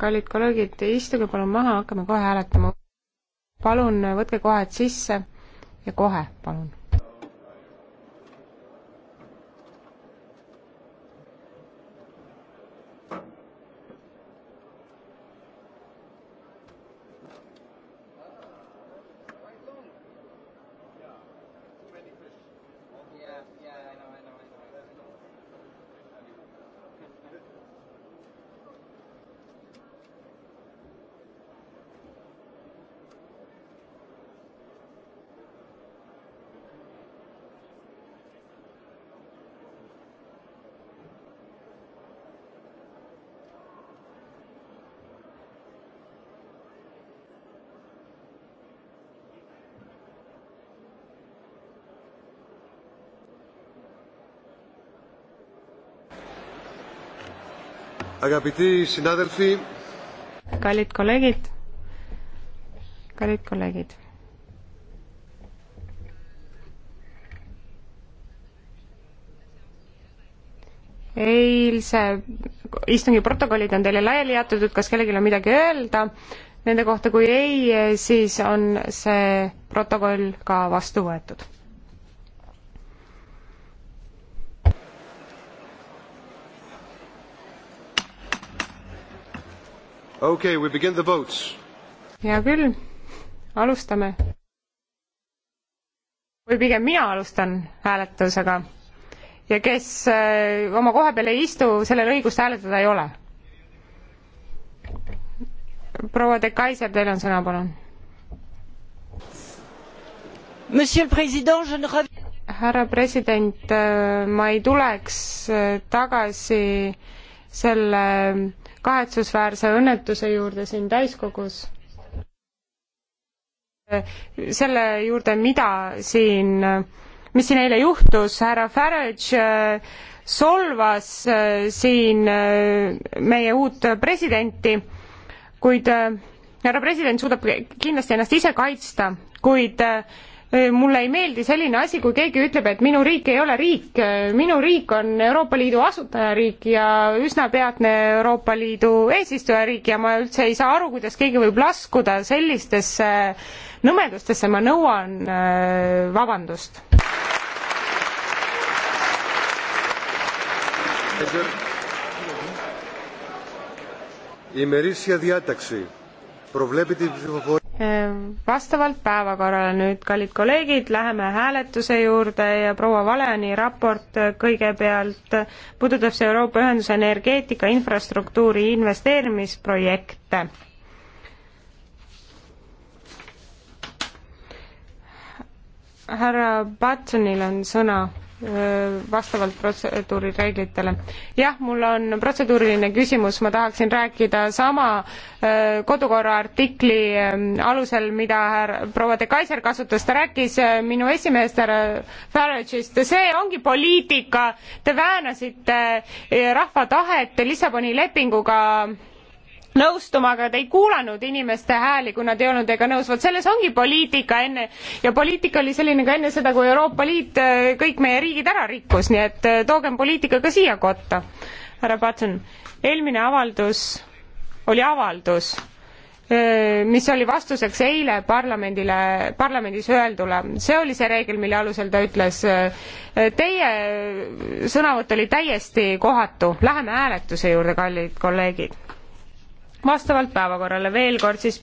kallid kolleegid, istuge palun maha, hakkame kohe hääletama. palun võtke kohad sisse ja kohe, palun kallid kolleegid, kallid kolleegid. eilse istungi protokollid on teile laiali jätatud, kas kellelgi on midagi öelda nende kohta, kui ei, siis on see protokoll ka vastu võetud Okay, we begin the votes. hea küll, alustame. või pigem mina alustan hääletusega. ja kes äh, oma koha peal ei istu, sellel õigust hääletada ei ole. proua de Kaiser, teil on sõna, palun. härra president, äh, ma ei tuleks äh, tagasi selle kahetsusväärse õnnetuse juurde siin täiskogus. selle juurde, mida siin, mis siin eile juhtus, härra Farage äh, solvas äh, siin äh, meie uut presidenti, kuid härra president suudab kindlasti ennast ise kaitsta, kuid Äh, mulle ei meeldi selline asi, kui keegi ütleb, et minu riik ei ole riik, äh, minu riik on Euroopa Liidu asutajariik ja üsna peatne Euroopa Liidu eesistujariik ja ma üldse ei saa aru, kuidas keegi võib laskuda sellistesse nõmedustesse, ma nõuan äh, vabandust. Η ημερήσια διάταξη προβλέπει την ψηφοφορία vastavalt päevakorrale nüüd, kallid kolleegid, läheme hääletuse juurde ja proua Valeni raport kõigepealt puudutab see Euroopa Ühenduse energeetika infrastruktuuri investeerimisprojekte. härra Battenil on sõna vastavalt protseduurireeglitele. jah, mul on protseduuriline küsimus, ma tahaksin rääkida sama kodukorra artikli alusel, mida proua de Kaiser kasutas, ta rääkis minu esimehest härra Farage'ist, see ongi poliitika, te väänasite rahva tahet Lissaboni lepinguga nõustuma, aga te ei kuulanud inimeste hääli, kui nad ei olnud ega nõus. vot selles ongi poliitika enne ja poliitika oli selline ka enne seda, kui Euroopa Liit äh, kõik meie riigid ära rikkus, nii et äh, toogem poliitika ka siia kotta. härra Patson, eelmine avaldus oli avaldus, äh, mis oli vastuseks eile parlamendile, parlamendis öeldule. see oli see reegel, mille alusel ta ütles. Teie sõnavõtt oli täiesti kohatu. Läheme hääletuse juurde, kallid kolleegid vastavalt päevakorrale. veel kord siis